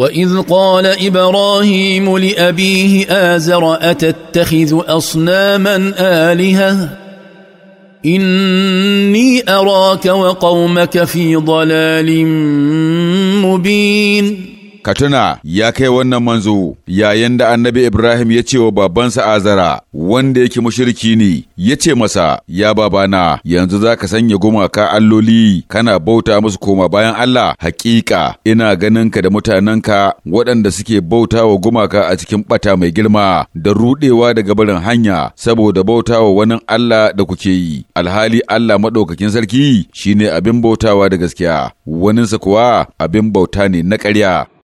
واذ قال ابراهيم لابيه ازر اتتخذ اصناما الهه اني اراك وقومك في ضلال مبين ka tuna ya kai wannan manzo yayin da annabi Ibrahim ya ce wa babansa Azara wanda yake mushriki ne ya ce masa ya babana yanzu za ka sanya gumaka alloli kana bauta musu koma bayan Allah hakika ina ganin ka da mutanenka waɗanda suke bauta wa gumaka a cikin bata mai girma da rudewa daga barin hanya saboda bauta wa wani Allah da kuke yi alhali Allah maɗaukakin sarki shine abin bautawa da gaskiya waninsa kuwa abin bauta ne na ƙarya